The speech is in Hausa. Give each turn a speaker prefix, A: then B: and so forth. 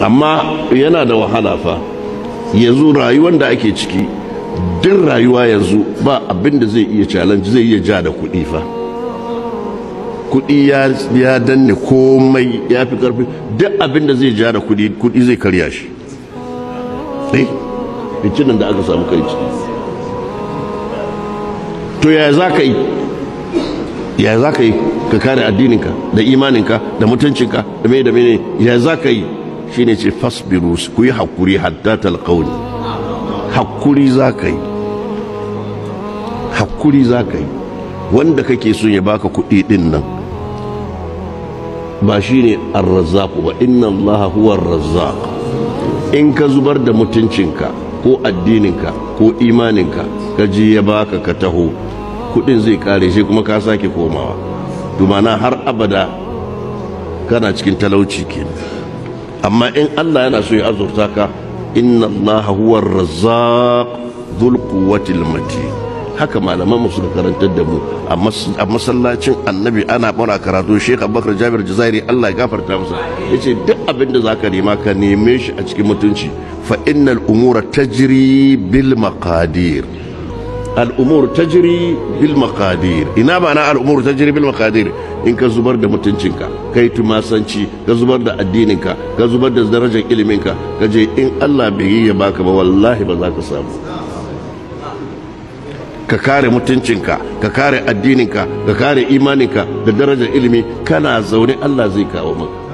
A: amma yana da wahala fa yanzu rayuwar da ake ciki duk rayuwa yanzu ba abin da zai iya challenge zai iya ja da kuɗi fa kuɗi ya danne komai ya fi ƙarfi duk abin da zai ja da kuɗi kuɗi zai karya shi eh da aka samu kai to yaya za ka yi yaya za ka yi ka kare addininka da imaninka da mutuncinka da mai da mai ne yaya za ka yi shine ce fasbiru ku yi hakuri hatta talqauni hakuri za yi hakuri za yi wanda kake so ya baka kuɗi ɗin nan ba shine ar-razzaq ba inna allaha huwa ar in ka zubar da mutuncinka ko addininka ko imaninka ka ji ya baka ka taho kuɗin zai kare shi kuma ka sake komawa dumana har abada kana cikin talauci kenan amma in Allah yana so ya azurta ka inna Allah huwa razzaq dhul quwwatil matin haka malaman mu suka karantar da mu a masallacin annabi ana bara karatu Sheikh Abubakar Jabir Jazairi Allah ya gafarta masa yace duk abin da zaka nema ka neme shi a cikin mutunci fa innal umura tajri bil maqadir الأمور تجري بالمقادير إنما أنا الأمور تجري in ka zubar da mutuncinka ka yi tumasanci ka zubar da addininka ka zubar da darajar iliminka ka je in Allah bai yi ya baka ba wallahi ba za ka samu ka kare mutuncinka ka kare addininka ka kare imaninka da darajar ilimi kana zaune Allah zai kawo maka